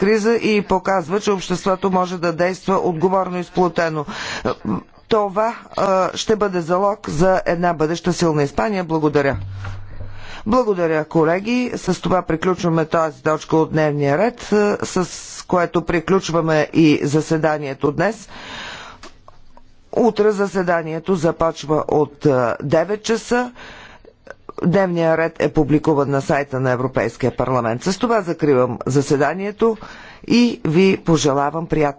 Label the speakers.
Speaker 1: криза и показва, че обществото може да действа отговорно и сплотено. Това ще бъде залог за една бъдеща силна Испания. Благодаря. Благодаря, колеги. С това приключваме тази точка от дневния ред, с което приключваме и заседанието днес. Утре заседанието започва от 9 часа. Дневният ред е публикуван на сайта на Европейския парламент. С това закривам заседанието и ви пожелавам приятна